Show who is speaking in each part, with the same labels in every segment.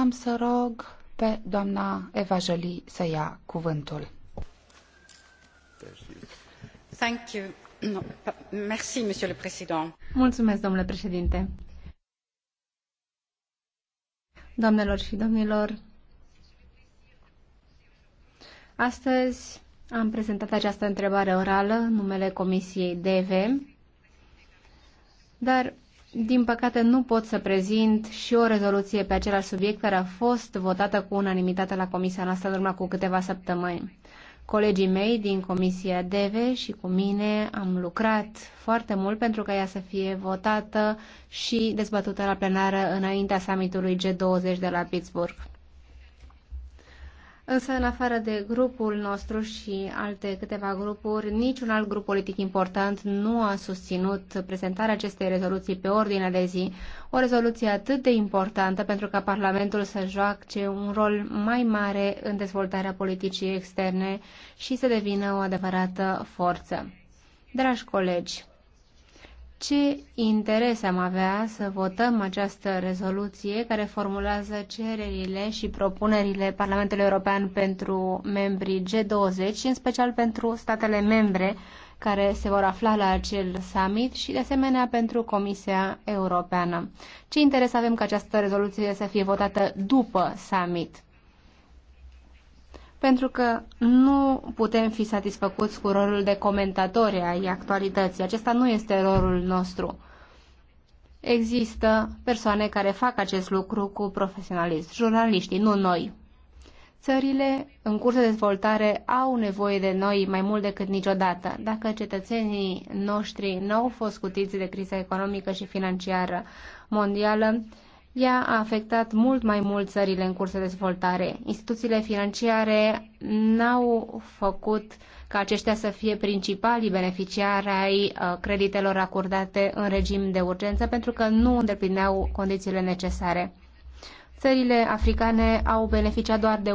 Speaker 1: Am să rog pe doamna Evajeli să ia cuvântul. Thank you. No, merci, monsieur le président.
Speaker 2: Mulțumesc, domnule președinte. Doamnelor și domnilor, astăzi am prezentat această întrebare orală în numele Comisiei DV, dar din păcate nu pot să prezint și o rezoluție pe același subiect care a fost votată cu unanimitate la comisia noastră în urmă cu câteva săptămâni. Colegii mei din Comisia DEVE și cu mine am lucrat foarte mult pentru ca ea să fie votată și dezbătută la plenară înaintea summitului G20 de la Pittsburgh. Însă, în afară de grupul nostru și alte câteva grupuri, niciun alt grup politic important nu a susținut prezentarea acestei rezoluții pe ordinea de zi, o rezoluție atât de importantă pentru ca Parlamentul să joace un rol mai mare în dezvoltarea politicii externe și să devină o adevărată forță. Dragi colegi, ce interes am avea să votăm această rezoluție care formulează cererile și propunerile Parlamentului European pentru membrii G20 și în special pentru statele membre care se vor afla la acel summit și de asemenea pentru Comisia Europeană. Ce interes avem ca această rezoluție să fie votată după summit? pentru că nu putem fi satisfăcuți cu rolul de comentatori ai actualității. Acesta nu este rolul nostru. Există persoane care fac acest lucru cu profesionalism, jurnaliștii, nu noi. Țările în curs de dezvoltare au nevoie de noi mai mult decât niciodată. Dacă cetățenii noștri nu au fost scutiți de criza economică și financiară mondială, ea a afectat mult mai mult țările în curs de dezvoltare. Instituțiile financiare n-au făcut ca aceștia să fie principalii beneficiari ai uh, creditelor acordate în regim de urgență pentru că nu îndeplineau condițiile necesare. Țările africane au beneficiat doar de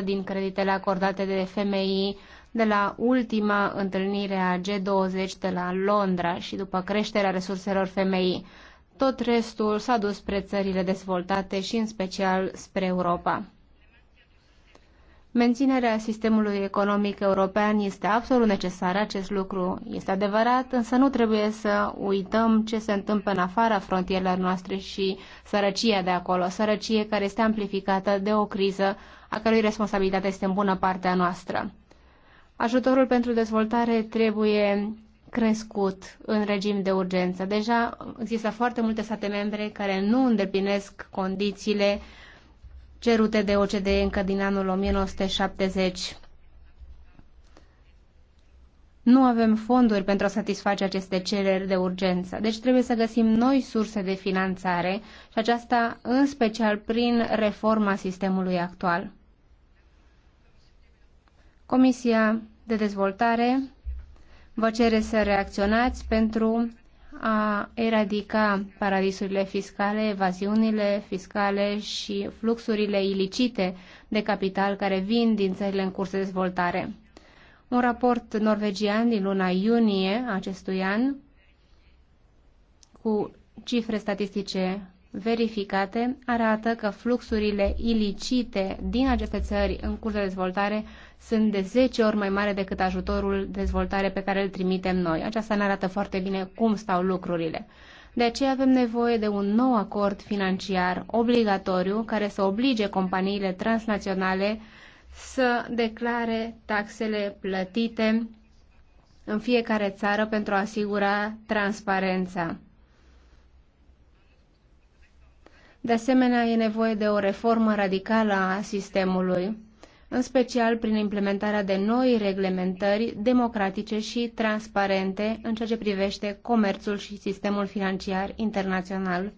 Speaker 2: 1,6% din creditele acordate de FMI de la ultima întâlnire a G20 de la Londra și după creșterea resurselor femeii. Tot restul s-a dus spre țările dezvoltate și în special spre Europa. Menținerea sistemului economic european este absolut necesară, acest lucru este adevărat, însă nu trebuie să uităm ce se întâmplă în afara frontierelor noastre și sărăcia de acolo, sărăcie care este amplificată de o criză a cărui responsabilitate este în bună parte a noastră. Ajutorul pentru dezvoltare trebuie crescut în regim de urgență. Deja există foarte multe state membre care nu îndeplinesc condițiile cerute de OCDE încă din anul 1970. Nu avem fonduri pentru a satisface aceste cereri de urgență, deci trebuie să găsim noi surse de finanțare și aceasta în special prin reforma sistemului actual. Comisia de dezvoltare vă cere să reacționați pentru a eradica paradisurile fiscale, evaziunile fiscale și fluxurile ilicite de capital care vin din țările în curs de dezvoltare. Un raport norvegian din luna iunie acestui an cu cifre statistice verificate arată că fluxurile ilicite din aceste țări în curs de dezvoltare sunt de 10 ori mai mare decât ajutorul de dezvoltare pe care îl trimitem noi. Aceasta ne arată foarte bine cum stau lucrurile. De aceea avem nevoie de un nou acord financiar obligatoriu care să oblige companiile transnaționale să declare taxele plătite în fiecare țară pentru a asigura transparența. De asemenea, e nevoie de o reformă radicală a sistemului, în special prin implementarea de noi reglementări democratice și transparente în ceea ce privește comerțul și sistemul financiar internațional.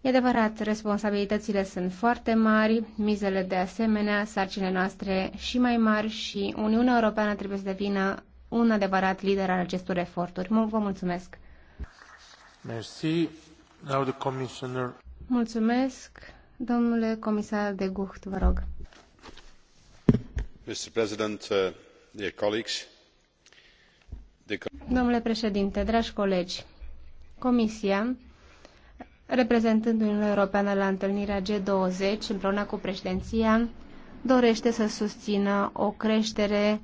Speaker 2: E adevărat, responsabilitățile sunt foarte mari, mizele de asemenea, sarcinile noastre și mai mari și Uniunea Europeană trebuie să devină un adevărat lider al acestor eforturi. Vă mulțumesc!
Speaker 3: Merci.
Speaker 2: Mulțumesc. Domnule comisar de Gucht, vă rog.
Speaker 3: Uh,
Speaker 2: Domnule președinte, dragi colegi, Comisia reprezentând Uniunea Europeană la întâlnirea G20 împreună cu președinția, dorește să susțină o creștere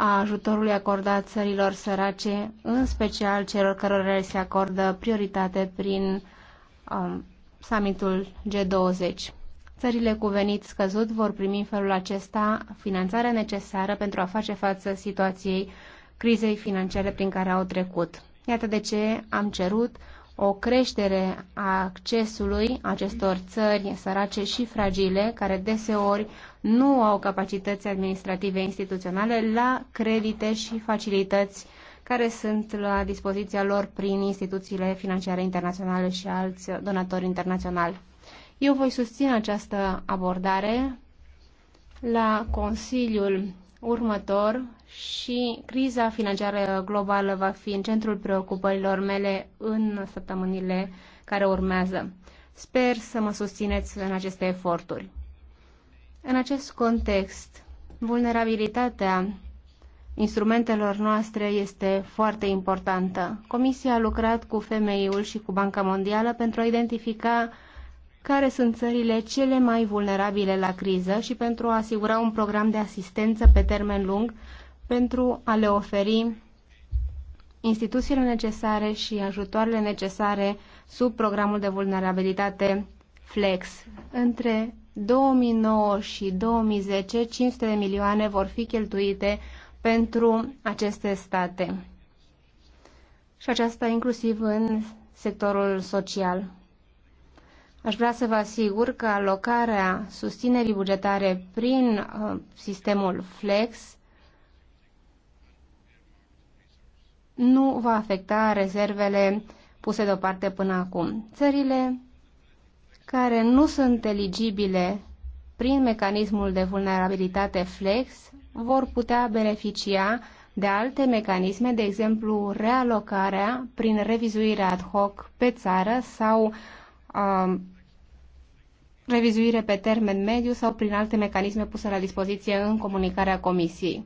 Speaker 2: a ajutorului acordat țărilor sărace, în special celor cărora se acordă prioritate prin um, summitul G20. Țările cu venit scăzut vor primi în felul acesta finanțarea necesară pentru a face față situației crizei financiare prin care au trecut. Iată de ce am cerut o creștere a accesului acestor țări sărace și fragile, care deseori nu au capacități administrative instituționale, la credite și facilități care sunt la dispoziția lor prin instituțiile financiare internaționale și alți donatori internaționali. Eu voi susține această abordare la Consiliul următor și criza financiară globală va fi în centrul preocupărilor mele în săptămânile care urmează. Sper să mă susțineți în aceste eforturi. În acest context, vulnerabilitatea instrumentelor noastre este foarte importantă. Comisia a lucrat cu FMI-ul și cu Banca Mondială pentru a identifica care sunt țările cele mai vulnerabile la criză și pentru a asigura un program de asistență pe termen lung pentru a le oferi instituțiile necesare și ajutoarele necesare sub programul de vulnerabilitate FLEX. Între 2009 și 2010, 500 de milioane vor fi cheltuite pentru aceste state. Și aceasta inclusiv în sectorul social. Aș vrea să vă asigur că alocarea susținerii bugetare prin uh, sistemul FLEX nu va afecta rezervele puse deoparte până acum. Țările care nu sunt eligibile prin mecanismul de vulnerabilitate FLEX vor putea beneficia de alte mecanisme, de exemplu realocarea prin revizuirea ad hoc pe țară sau uh, revizuire pe termen mediu sau prin alte mecanisme puse la dispoziție în comunicarea Comisiei.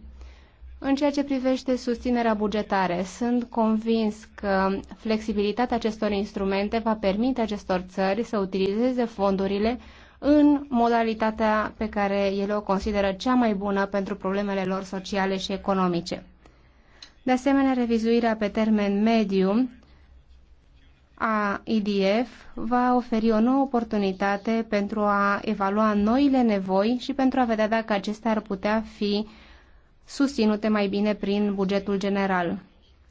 Speaker 2: În ceea ce privește susținerea bugetare, sunt convins că flexibilitatea acestor instrumente va permite acestor țări să utilizeze fondurile în modalitatea pe care ele o consideră cea mai bună pentru problemele lor sociale și economice. De asemenea, revizuirea pe termen mediu a IDF va oferi o nouă oportunitate pentru a evalua noile nevoi și pentru a vedea dacă acestea ar putea fi susținute mai bine prin bugetul general.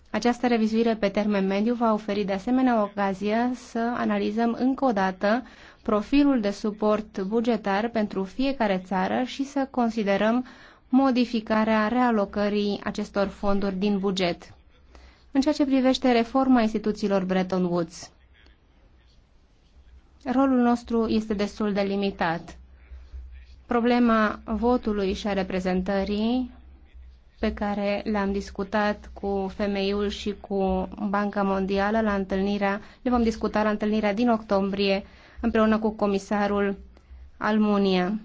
Speaker 2: Această revizuire pe termen mediu va oferi de asemenea ocazia să analizăm încă o dată profilul de suport bugetar pentru fiecare țară și să considerăm modificarea realocării acestor fonduri din buget. În ceea ce privește reforma instituțiilor Bretton Woods, rolul nostru este destul de limitat. Problema votului și a reprezentării pe care le-am discutat cu femeiul și cu Banca Mondială la întâlnirea, le vom discuta la întâlnirea din octombrie împreună cu comisarul Almunia.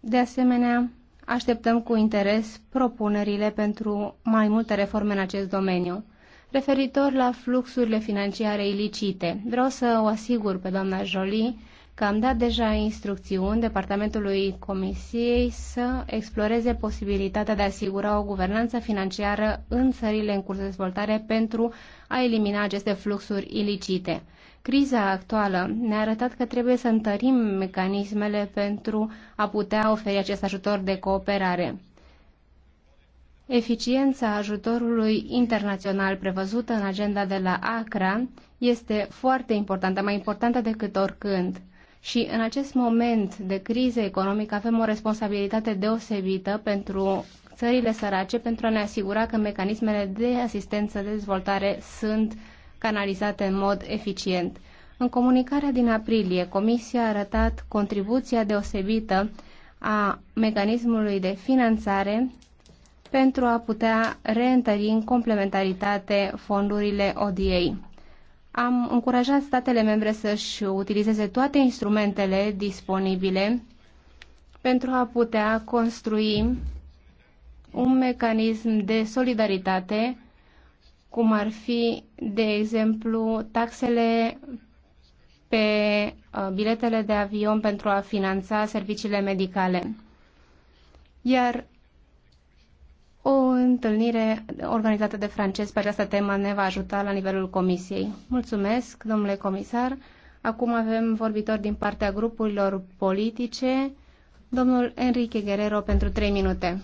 Speaker 2: De asemenea, Așteptăm cu interes propunerile pentru mai multe reforme în acest domeniu. Referitor la fluxurile financiare ilicite, vreau să o asigur pe doamna Jolie că am dat deja instrucțiuni Departamentului Comisiei să exploreze posibilitatea de a asigura o guvernanță financiară în țările în curs de dezvoltare pentru a elimina aceste fluxuri ilicite. Criza actuală ne-a arătat că trebuie să întărim mecanismele pentru a putea oferi acest ajutor de cooperare. Eficiența ajutorului internațional prevăzută în agenda de la ACRA este foarte importantă, mai importantă decât oricând. Și în acest moment de criză economică avem o responsabilitate deosebită pentru țările sărace pentru a ne asigura că mecanismele de asistență de dezvoltare sunt canalizate în mod eficient. În comunicarea din aprilie, Comisia a arătat contribuția deosebită a mecanismului de finanțare pentru a putea reîntări în complementaritate fondurile ODA. Am încurajat statele membre să-și utilizeze toate instrumentele disponibile pentru a putea construi un mecanism de solidaritate cum ar fi, de exemplu, taxele pe uh, biletele de avion pentru a finanța serviciile medicale. Iar o întâlnire organizată de francezi pe această temă ne va ajuta la nivelul comisiei. Mulțumesc, domnule comisar. Acum avem vorbitori din partea grupurilor politice. Domnul Enrique Guerrero pentru 3 minute.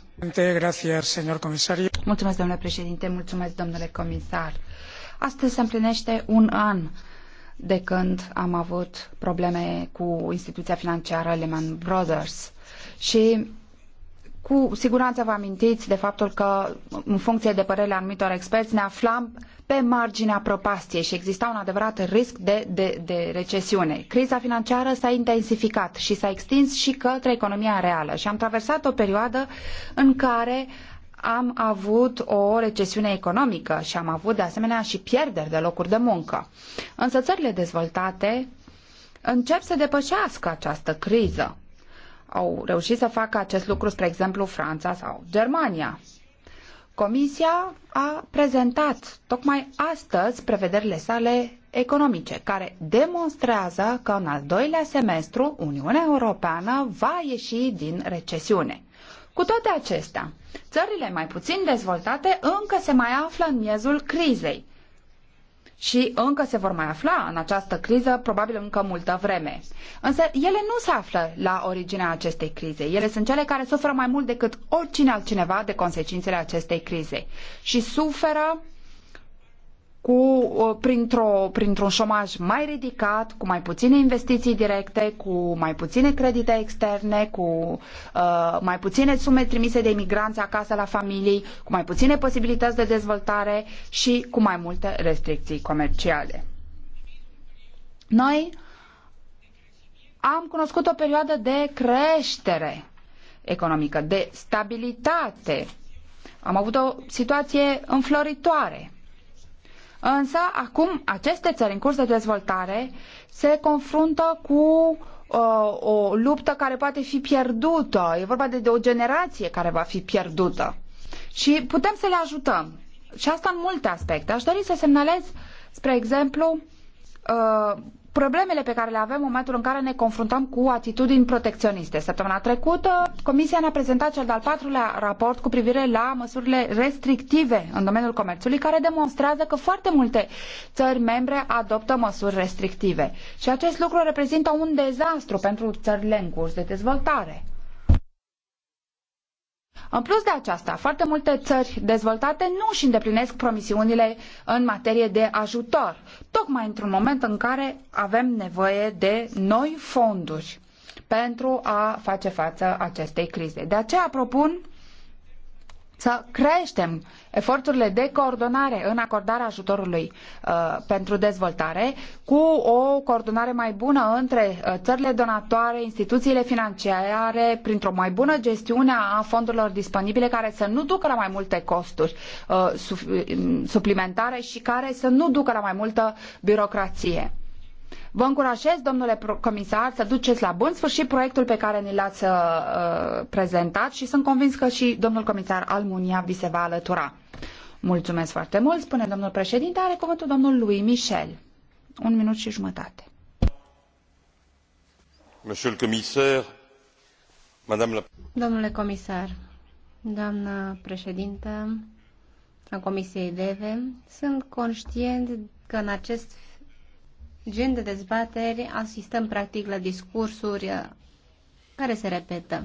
Speaker 1: Mulțumesc, domnule președinte, mulțumesc, domnule comisar. Astăzi se împlinește un an de când am avut probleme cu instituția financiară Lehman Brothers și cu siguranță vă amintiți de faptul că, în funcție de părerile anumitor experți, ne aflam pe marginea prăpastiei și exista un adevărat risc de, de, de recesiune. Criza financiară s-a intensificat și s-a extins și către economia reală și am traversat o perioadă în care am avut o recesiune economică și am avut de asemenea și pierderi de locuri de muncă. Însă țările dezvoltate încep să depășească această criză au reușit să facă acest lucru, spre exemplu, Franța sau Germania. Comisia a prezentat tocmai astăzi prevederile sale economice, care demonstrează că în al doilea semestru Uniunea Europeană va ieși din recesiune. Cu toate acestea, țările mai puțin dezvoltate încă se mai află în miezul crizei și încă se vor mai afla în această criză, probabil încă multă vreme. Însă ele nu se află la originea acestei crize. Ele sunt cele care suferă mai mult decât oricine altcineva de consecințele acestei crize și suferă cu, uh, printr-o, printr-un șomaj mai ridicat, cu mai puține investiții directe, cu mai puține credite externe, cu uh, mai puține sume trimise de imigranți acasă la familii, cu mai puține posibilități de dezvoltare și cu mai multe restricții comerciale. Noi am cunoscut o perioadă de creștere economică, de stabilitate. Am avut o situație înfloritoare Însă, acum, aceste țări în curs de dezvoltare se confruntă cu uh, o luptă care poate fi pierdută. E vorba de, de o generație care va fi pierdută. Și putem să le ajutăm. Și asta în multe aspecte. Aș dori să semnalez, spre exemplu, uh, problemele pe care le avem în momentul în care ne confruntăm cu atitudini protecționiste. Săptămâna trecută, Comisia ne-a prezentat cel de-al patrulea raport cu privire la măsurile restrictive în domeniul comerțului, care demonstrează că foarte multe țări membre adoptă măsuri restrictive. Și acest lucru reprezintă un dezastru pentru țările în curs de dezvoltare. În plus de aceasta, foarte multe țări dezvoltate nu își îndeplinesc promisiunile în materie de ajutor, tocmai într-un moment în care avem nevoie de noi fonduri pentru a face față acestei crize. De aceea propun să creștem eforturile de coordonare în acordarea ajutorului uh, pentru dezvoltare cu o coordonare mai bună între uh, țările donatoare, instituțiile financiare, printr-o mai bună gestiune a fondurilor disponibile care să nu ducă la mai multe costuri uh, mm, suplimentare și care să nu ducă la mai multă birocrație. Vă încurajez, domnule comisar, să duceți la bun sfârșit proiectul pe care ni l-ați uh, prezentat și sunt convins că și domnul comisar Almunia vi se va alătura. Mulțumesc foarte mult, spune domnul președinte, are cuvântul domnul lui Michel. Un minut și jumătate.
Speaker 3: Comisar, la...
Speaker 2: Domnule comisar, doamnă președintă a Comisiei DEVE, sunt conștient că în acest gen de dezbateri asistăm practic la discursuri uh, care se repetă.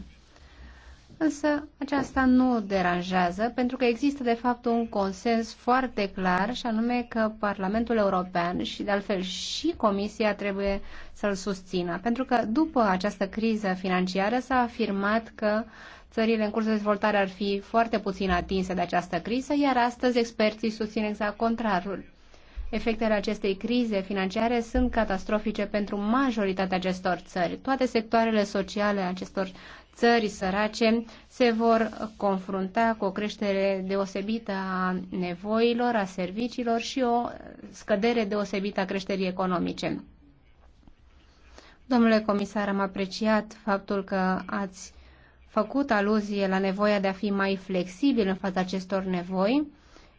Speaker 2: Însă aceasta nu deranjează pentru că există de fapt un consens foarte clar și anume că Parlamentul European și de altfel și Comisia trebuie să-l susțină. Pentru că după această criză financiară s-a afirmat că țările în curs de dezvoltare ar fi foarte puțin atinse de această criză, iar astăzi experții susțin exact contrarul. Efectele acestei crize financiare sunt catastrofice pentru majoritatea acestor țări. Toate sectoarele sociale acestor țări sărace se vor confrunta cu o creștere deosebită a nevoilor, a serviciilor și o scădere deosebită a creșterii economice. Domnule comisar, am apreciat faptul că ați făcut aluzie la nevoia de a fi mai flexibil în fața acestor nevoi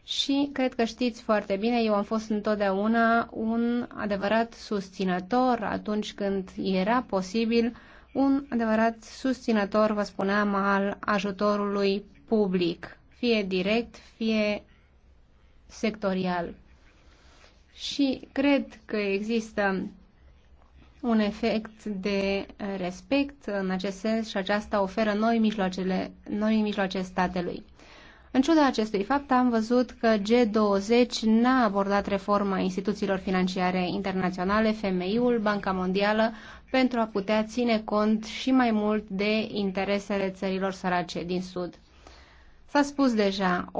Speaker 2: și cred că știți foarte bine, eu am fost întotdeauna un adevărat susținător atunci când era posibil, un adevărat susținător, vă spuneam, al ajutorului public, fie direct, fie sectorial. Și cred că există un efect de respect în acest sens și aceasta oferă noi mijloacele, noi mijloace statelui. În ciuda acestui fapt, am văzut că G20 n-a abordat reforma instituțiilor financiare internaționale, FMI-ul, Banca Mondială, pentru a putea ține cont și mai mult de interesele țărilor sărace din Sud. S-a spus deja,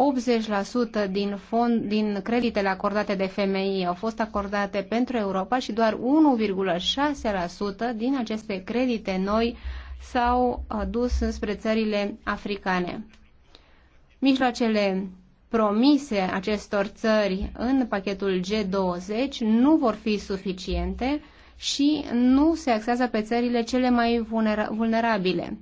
Speaker 2: 80% din, fond, din creditele acordate de FMI au fost acordate pentru Europa și doar 1,6% din aceste credite noi s-au dus înspre țările africane. Mijloacele promise acestor țări în pachetul G20 nu vor fi suficiente și nu se axează pe țările cele mai vulnerabile.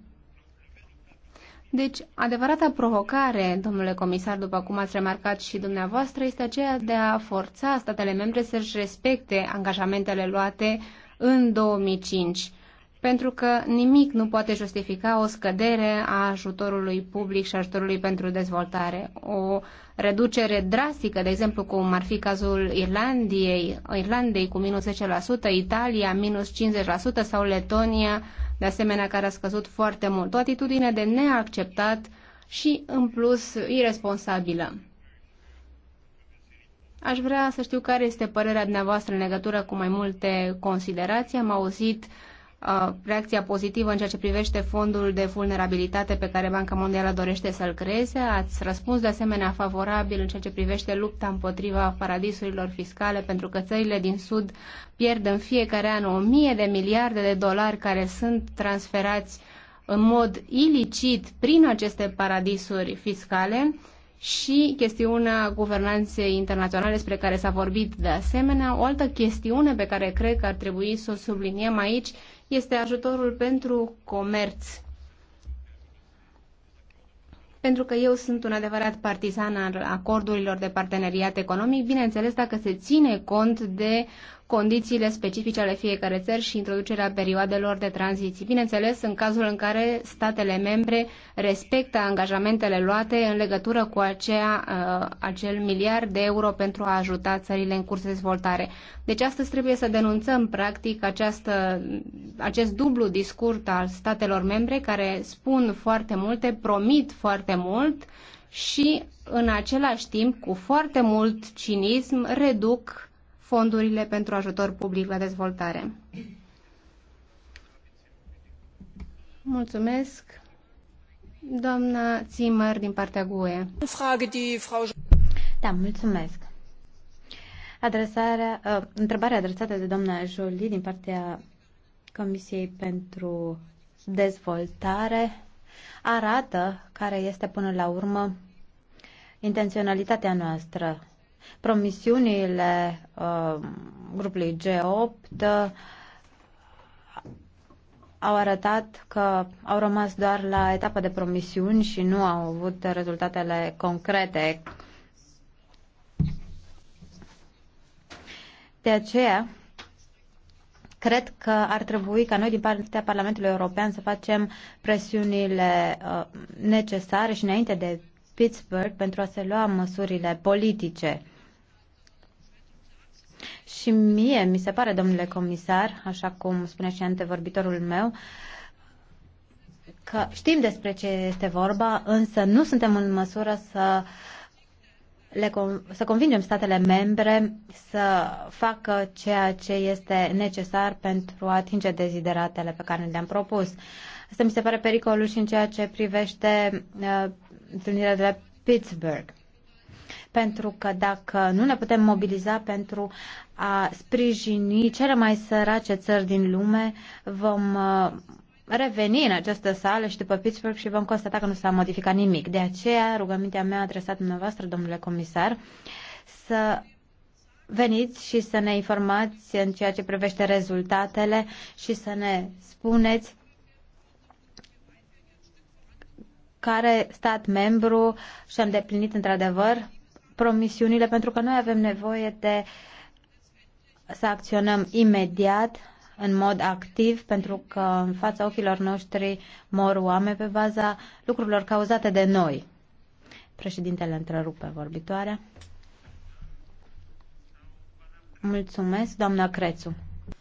Speaker 2: Deci, adevărata provocare, domnule comisar, după cum ați remarcat și dumneavoastră, este aceea de a forța statele membre să-și respecte angajamentele luate în 2005 pentru că nimic nu poate justifica o scădere a ajutorului public și ajutorului pentru dezvoltare. O reducere drastică, de exemplu, cum ar fi cazul Irlandiei, Irlandei cu minus 10%, Italia minus 50% sau Letonia, de asemenea, care a scăzut foarte mult. O atitudine de neacceptat și, în plus, irresponsabilă. Aș vrea să știu care este părerea dumneavoastră în legătură cu mai multe considerații. Am auzit uh, Uh, reacția pozitivă în ceea ce privește fondul de vulnerabilitate pe care Banca Mondială dorește să-l creeze. Ați răspuns de asemenea favorabil în ceea ce privește lupta împotriva paradisurilor fiscale, pentru că țările din Sud pierd în fiecare an o mie de miliarde de dolari care sunt transferați în mod ilicit prin aceste paradisuri fiscale și chestiunea guvernanței internaționale despre care s-a vorbit de asemenea. O altă chestiune pe care cred că ar trebui să o subliniem aici este ajutorul pentru comerț. Pentru că eu sunt un adevărat partizan al acordurilor de parteneriat economic, bineînțeles dacă se ține cont de condițiile specifice ale fiecare țări și introducerea perioadelor de tranziții. Bineînțeles, în cazul în care statele membre respectă angajamentele luate în legătură cu aceea, uh, acel miliard de euro pentru a ajuta țările în curs de dezvoltare. Deci astăzi trebuie să denunțăm practic această, acest dublu discurs al statelor membre care spun foarte multe, promit foarte mult și în același timp, cu foarte mult cinism, reduc fondurile pentru ajutor public la dezvoltare. Mulțumesc. Doamna Zimmer din partea GUE.
Speaker 3: Da, mulțumesc. Adresarea, uh, întrebarea adresată de doamna Jolie din partea Comisiei pentru Dezvoltare arată care este până la urmă intenționalitatea noastră Promisiunile uh, grupului G8 uh, au arătat că au rămas doar la etapa de promisiuni și nu au avut rezultatele concrete. De aceea, cred că ar trebui ca noi din partea Parlamentului European să facem presiunile uh, necesare și înainte de Pittsburgh pentru a se lua măsurile politice. Și mie mi se pare, domnule comisar, așa cum spunea și antevorbitorul meu, că știm despre ce este vorba, însă nu suntem în măsură să le, să convingem statele membre să facă ceea ce este necesar pentru a atinge dezideratele pe care le-am propus. Asta mi se pare pericolul și în ceea ce privește uh, întâlnirea de la Pittsburgh pentru că dacă nu ne putem mobiliza pentru a sprijini cele mai sărace țări din lume, vom uh, reveni în această sală și după Pittsburgh și vom constata că nu s-a modificat nimic. De aceea, rugămintea mea adresată dumneavoastră, domnule comisar, să veniți și să ne informați în ceea ce privește rezultatele și să ne spuneți care stat membru și-a îndeplinit într-adevăr promisiunile, pentru că noi avem nevoie de să acționăm imediat, în mod activ, pentru că în fața ochilor noștri mor oameni pe baza lucrurilor cauzate de noi. Președintele întrerupe vorbitoarea. Mulțumesc, doamna Crețu.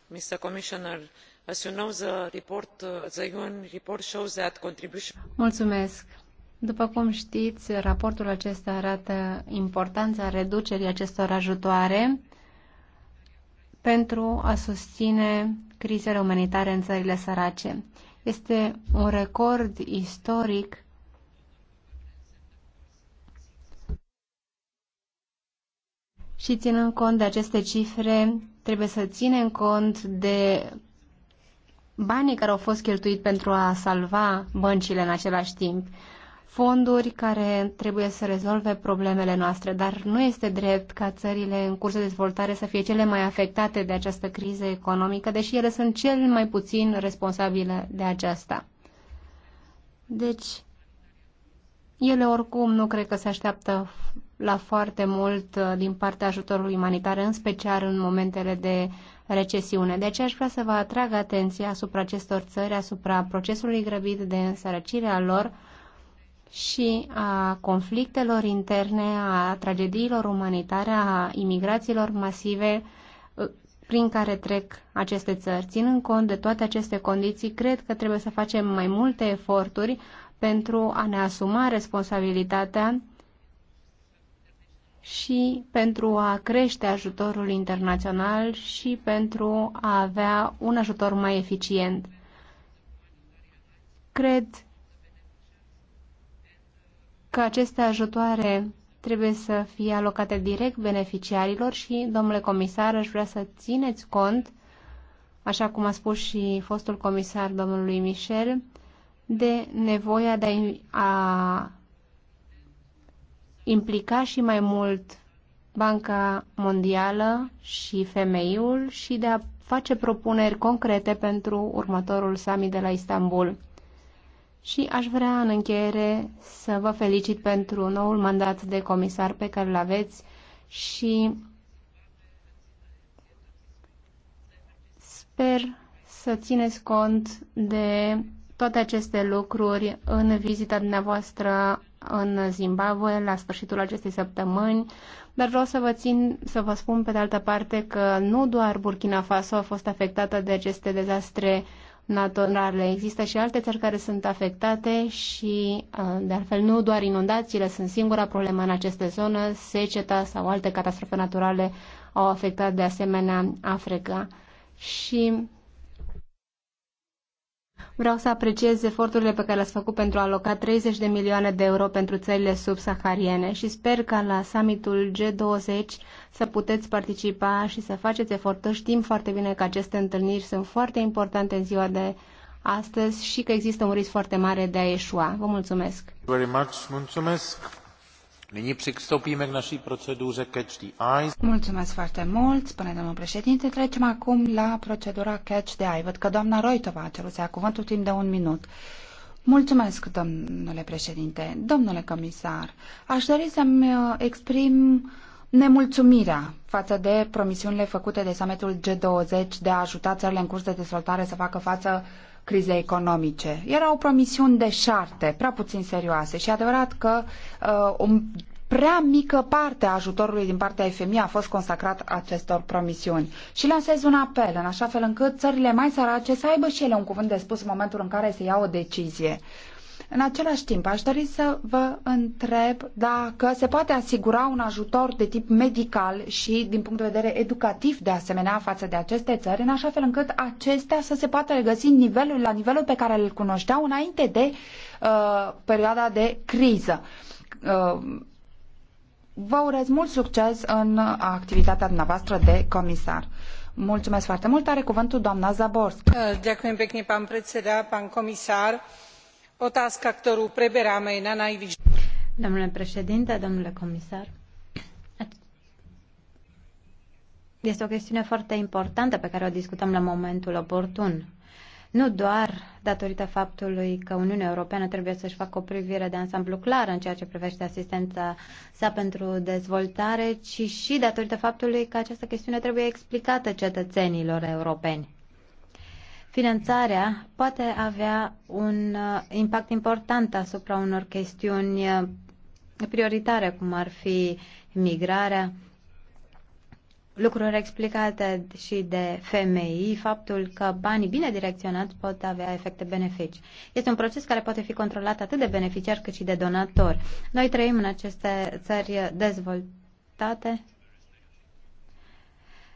Speaker 3: Mr. Commissioner, as you know, the report, uh, the UN report shows
Speaker 1: that contribution...
Speaker 2: Mulțumesc. După cum știți, raportul acesta arată importanța reducerii acestor ajutoare pentru a susține crizele umanitare în țările sărace. Este un record istoric și ținând cont de aceste cifre, trebuie să ținem cont de banii care au fost cheltuit pentru a salva băncile în același timp fonduri care trebuie să rezolve problemele noastre, dar nu este drept ca țările în curs de dezvoltare să fie cele mai afectate de această criză economică, deși ele sunt cel mai puțin responsabile de aceasta. Deci, ele oricum nu cred că se așteaptă la foarte mult uh, din partea ajutorului umanitar, în special în momentele de recesiune. De aceea aș vrea să vă atrag atenția asupra acestor țări, asupra procesului grăbit de însărăcire a lor, și a conflictelor interne, a tragediilor umanitare, a imigrațiilor masive uh, prin care trec aceste țări. Ținând cont de toate aceste condiții, cred că trebuie să facem mai multe eforturi pentru a ne asuma responsabilitatea și pentru a crește ajutorul internațional și pentru a avea un ajutor mai eficient. Cred că aceste ajutoare trebuie să fie alocate direct beneficiarilor și, domnule comisar, aș vrea să țineți cont, așa cum a spus și fostul comisar domnului Michel, de nevoia de a implica și mai mult Banca Mondială și femeiul și de a face propuneri concrete pentru următorul summit de la Istanbul și aș vrea în încheiere să vă felicit pentru noul mandat de comisar pe care îl aveți și sper să țineți cont de toate aceste lucruri în vizita dumneavoastră în Zimbabwe la sfârșitul acestei săptămâni, dar vreau să vă țin să vă spun pe de altă parte că nu doar Burkina Faso a fost afectată de aceste dezastre naturale. Există și alte țări care sunt afectate și, uh, de altfel, nu doar inundațiile sunt singura problemă în aceste zone, seceta sau alte catastrofe naturale au afectat de asemenea Africa. Și Vreau să apreciez eforturile pe care le-ați făcut pentru a aloca 30 de milioane de euro pentru țările subsahariene și sper ca la summitul G20 să puteți participa și să faceți eforturi. Știm foarte bine că aceste întâlniri sunt foarte importante în ziua de astăzi și că există un risc foarte mare de a eșua. Vă mulțumesc!
Speaker 3: Very much. Mulțumesc!
Speaker 1: Mulțumesc foarte mult, spune domnul președinte. Trecem acum la procedura catch the Eye. Văd că doamna Roitova a cerut să cuvântul timp de un minut. Mulțumesc, domnule președinte. Domnule comisar, aș dori să-mi uh, exprim nemulțumirea față de promisiunile făcute de summitul G20 de a ajuta țările în curs de dezvoltare să facă față crizei economice. Erau promisiuni deșarte, prea puțin serioase și adevărat că uh, o prea mică parte a ajutorului din partea FMI a fost consacrat acestor promisiuni. Și lansez un apel în așa fel încât țările mai sărace să aibă și ele un cuvânt de spus în momentul în care se ia o decizie. În același timp, aș dori să vă întreb dacă se poate asigura un ajutor de tip medical și din punct de vedere educativ de asemenea față de aceste țări, în așa fel încât acestea să se poată regăsi nivelul, la nivelul pe care îl cunoșteau înainte de uh, perioada de criză. Uh, vă urez mult succes în activitatea dumneavoastră de comisar. Mulțumesc foarte mult. Are cuvântul doamna Zaborsk. Uh, pekne, pán predseda, pán otázka ktorú preberáme je nanajvýš.
Speaker 3: domnule președinte domnule comisar este o chestiune foarte importantă pe care o discutăm la momentul oportun. Nu doar datorită faptului că Uniunea Europeană trebuie să-și facă o privire de ansamblu clar în ceea ce privește asistența sa pentru dezvoltare, ci și datorită faptului că această chestiune trebuie explicată cetățenilor europeni. Finanțarea poate avea un uh, impact important asupra unor chestiuni uh, prioritare, cum ar fi migrarea, lucruri explicate și de femei, faptul că banii bine direcționați pot avea efecte benefici. Este un proces care poate fi controlat atât de beneficiar cât și de donator. Noi trăim în aceste țări dezvoltate,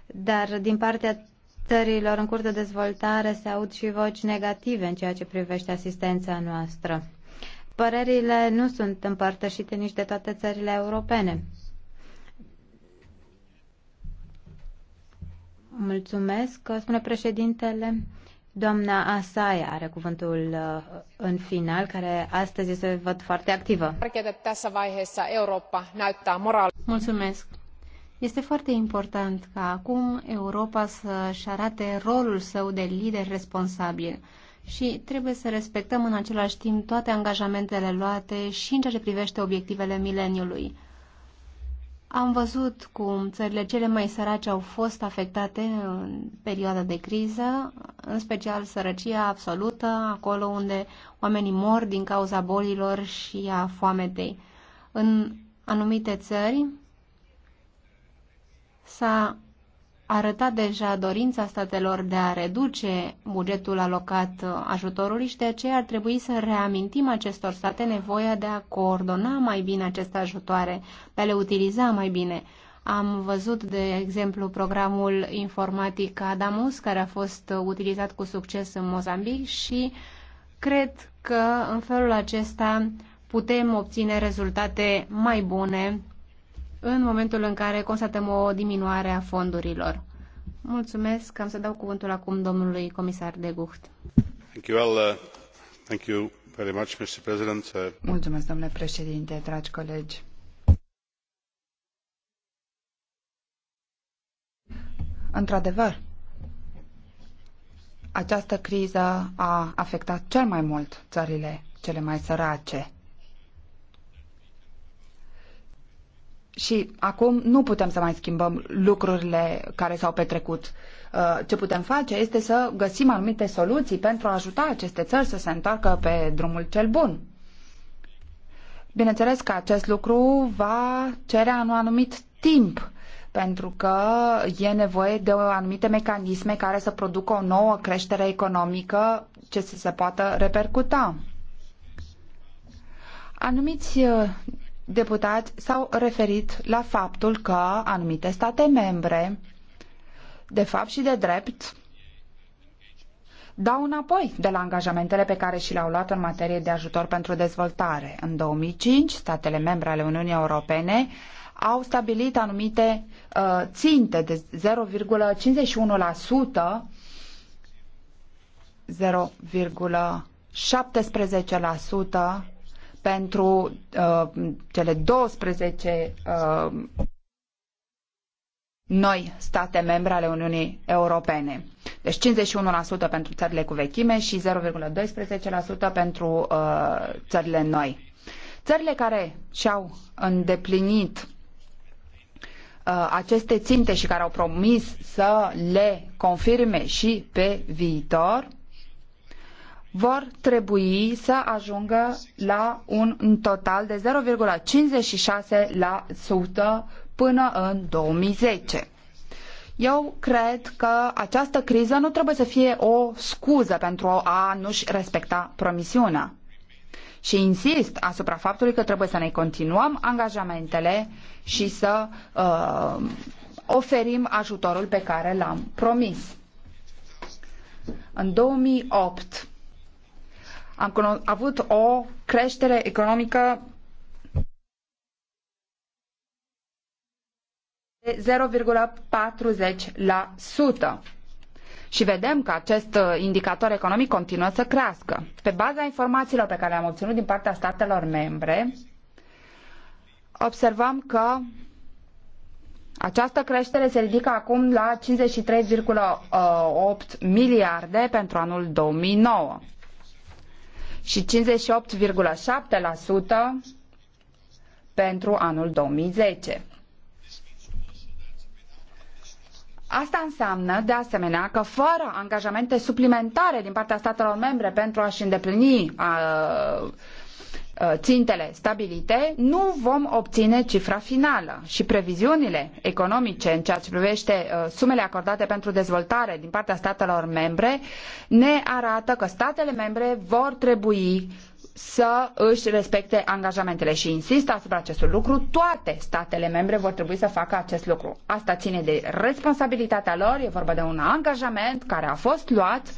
Speaker 3: dar din partea țărilor în curs de dezvoltare se aud și voci negative în ceea ce privește asistența noastră. Părerile nu sunt împărtășite nici de toate țările europene. Mulțumesc, spune președintele. Doamna Asaia are cuvântul uh, în final, care astăzi se văd, foarte activă. Mulțumesc. Este foarte important ca acum Europa să-și
Speaker 2: arate rolul său de lider responsabil și trebuie să respectăm în același timp toate angajamentele luate și în ceea ce privește obiectivele mileniului. Am văzut cum țările cele mai sărace au fost afectate în perioada de criză, în special sărăcia absolută, acolo unde oamenii mor din cauza bolilor și a foametei. În anumite țări, S-a arătat deja dorința statelor de a reduce bugetul alocat ajutorului și de aceea ar trebui să reamintim acestor state nevoia de a coordona mai bine aceste ajutoare, de a le utiliza mai bine. Am văzut, de exemplu, programul informatic Adamus, care a fost utilizat cu succes în Mozambic și cred că în felul acesta putem obține rezultate mai bune în momentul în care constatăm o diminuare a fondurilor. Mulțumesc. Am să
Speaker 1: dau cuvântul acum domnului comisar de Gucht.
Speaker 3: Thank you all, uh, thank you very much, Mr. President.
Speaker 1: Mulțumesc, domnule președinte, dragi colegi. Într-adevăr, această criză a afectat cel mai mult țările cele mai sărace. Și acum nu putem să mai schimbăm lucrurile care s-au petrecut. Uh, ce putem face este să găsim anumite soluții pentru a ajuta aceste țări să se întoarcă pe drumul cel bun. Bineînțeles că acest lucru va cere un anumit timp pentru că e nevoie de anumite mecanisme care să producă o nouă creștere economică ce să se poată repercuta. Anumiți uh, deputați s-au referit la faptul că anumite state membre, de fapt și de drept, dau înapoi de la angajamentele pe care și le-au luat în materie de ajutor pentru dezvoltare. În 2005, statele membre ale Uniunii Europene au stabilit anumite uh, ținte de 0,51%, 0,17% pentru uh, cele 12 uh, noi state membre ale Uniunii Europene. Deci 51% pentru țările cu vechime și 0,12% pentru uh, țările noi. Țările care și-au îndeplinit uh, aceste ținte și care au promis să le confirme și pe viitor vor trebui să ajungă la un total de 0,56% până în 2010. Eu cred că această criză nu trebuie să fie o scuză pentru a nu-și respecta promisiunea. Și insist asupra faptului că trebuie să ne continuăm angajamentele și să uh, oferim ajutorul pe care l-am promis. În 2008, am avut o creștere economică de 0,40% și vedem că acest uh, indicator economic continuă să crească. Pe baza informațiilor pe care le-am obținut din partea statelor membre, observăm că această creștere se ridică acum la 53,8 uh, miliarde pentru anul 2009 și 58,7% pentru anul 2010. Asta înseamnă, de asemenea, că fără angajamente suplimentare din partea statelor membre pentru a-și îndeplini uh, Uh, țintele stabilite, nu vom obține cifra finală și previziunile economice în ceea ce privește uh, sumele acordate pentru dezvoltare din partea statelor membre ne arată că statele membre vor trebui să își respecte angajamentele și insist asupra acestui lucru, toate statele membre vor trebui să facă acest lucru. Asta ține de responsabilitatea lor, e vorba de un angajament care a fost luat uh,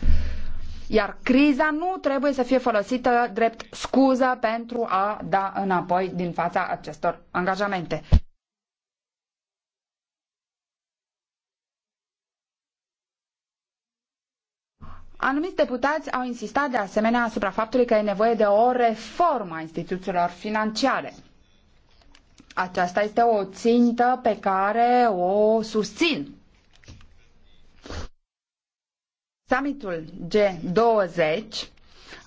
Speaker 1: iar criza nu trebuie să fie folosită drept scuză pentru a da înapoi din fața acestor angajamente. Anumiți deputați au insistat de asemenea asupra faptului că e nevoie de o reformă a instituțiilor financiare. Aceasta este o țintă pe care o susțin Summitul G20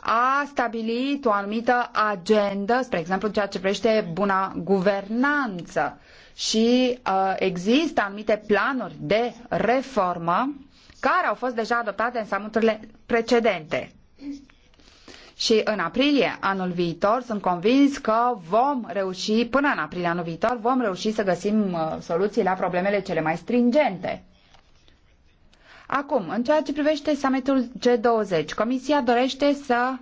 Speaker 1: a stabilit o anumită agendă, spre exemplu ceea ce privește buna guvernanță și uh, există anumite planuri de reformă care au fost deja adoptate în summiturile precedente. Și în aprilie anul viitor sunt convins că vom reuși, până în aprilie anul viitor, vom reuși să găsim uh, soluții la problemele cele mai stringente. Acum, în ceea ce privește summitul G20, Comisia dorește să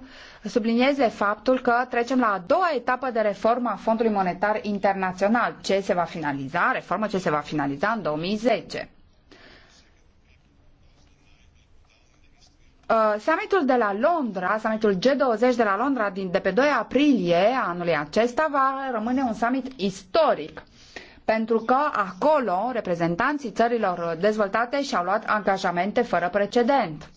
Speaker 1: sublinieze faptul că trecem la a doua etapă de reformă a Fondului Monetar Internațional, ce se va finaliza, reformă ce se va finaliza în 2010. Uh, summitul de la Londra, summitul G20 de la Londra din, de pe 2 aprilie anului acesta va rămâne un summit istoric pentru că acolo reprezentanții țărilor dezvoltate și-au luat angajamente fără precedent.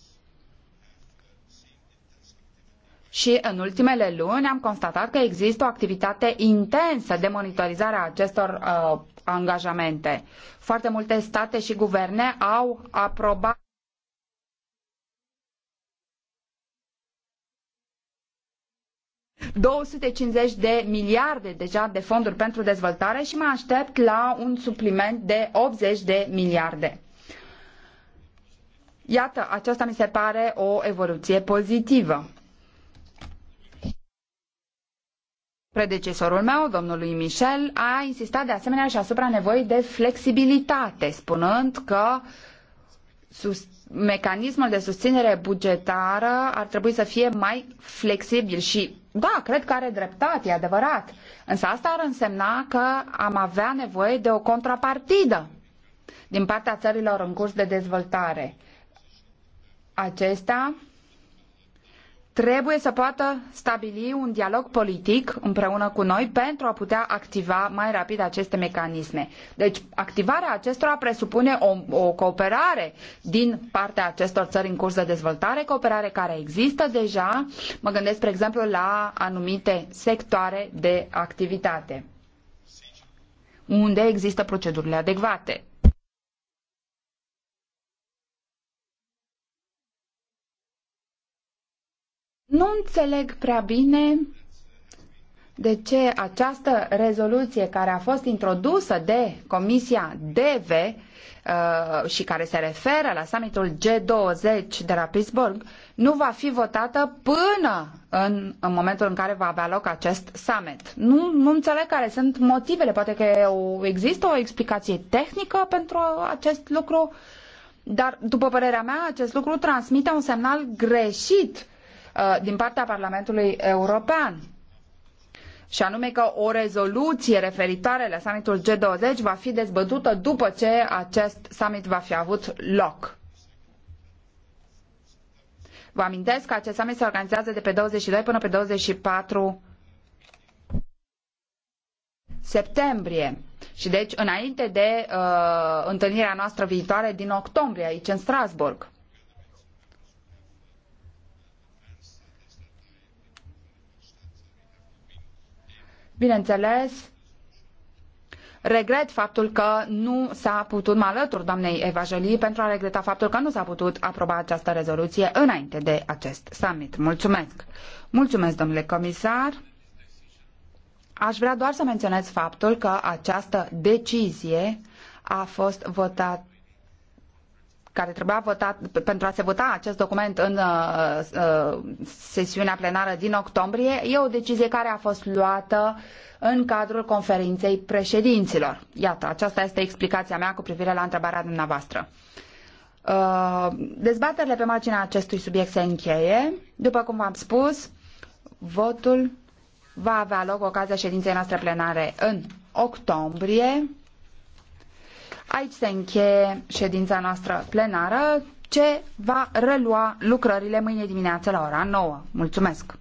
Speaker 1: Și în ultimele luni am constatat că există o activitate intensă de monitorizare a acestor uh, angajamente. Foarte multe state și guverne au aprobat 250 de miliarde deja de fonduri pentru dezvoltare și mă aștept la un supliment de 80 de miliarde. Iată, aceasta mi se pare o evoluție pozitivă. Predecesorul meu, domnului Michel, a insistat de asemenea și asupra nevoii de flexibilitate, spunând că sus, mecanismul de susținere bugetară ar trebui să fie mai flexibil și da, cred că are dreptate, e adevărat. Însă asta ar însemna că am avea nevoie de o contrapartidă din partea țărilor în curs de dezvoltare. Acestea trebuie să poată stabili un dialog politic împreună cu noi pentru a putea activa mai rapid aceste mecanisme. Deci, activarea acestora presupune o, o cooperare din partea acestor țări în curs de dezvoltare, cooperare care există deja. Mă gândesc, spre exemplu, la anumite sectoare de activitate unde există procedurile adecvate. Nu înțeleg prea bine de ce această rezoluție care a fost introdusă de Comisia DV uh, și care se referă la summitul G20 de la Pittsburgh nu va fi votată până în, în momentul în care va avea loc acest summit. Nu, nu înțeleg care sunt motivele. Poate că există o explicație tehnică pentru acest lucru, dar, după părerea mea, acest lucru transmite un semnal greșit Uh, din partea Parlamentului European și anume că o rezoluție referitoare la summitul G20 va fi dezbătută după ce acest summit va fi avut loc. Vă amintesc că acest summit se organizează de pe 22 până pe 24 septembrie și deci înainte de uh, întâlnirea noastră viitoare din octombrie aici în Strasbourg. Bineînțeles, regret faptul că nu s-a putut, mă alătur doamnei Eva pentru a regreta faptul că nu s-a putut aproba această rezoluție înainte de acest summit. Mulțumesc! Mulțumesc, domnule comisar! Aș vrea doar să menționez faptul că această decizie a fost votat, care trebuia votat, pentru a se vota acest document în uh, uh, sesiunea plenară din octombrie, e o decizie care a fost luată în cadrul conferinței președinților. Iată, aceasta este explicația mea cu privire la întrebarea dumneavoastră. Uh, dezbaterile pe marginea acestui subiect se încheie. După cum v-am spus, votul va avea loc ocazia ședinței noastre plenare în octombrie. Aici se încheie ședința noastră plenară, ce va relua lucrările mâine dimineață la ora 9. Mulțumesc!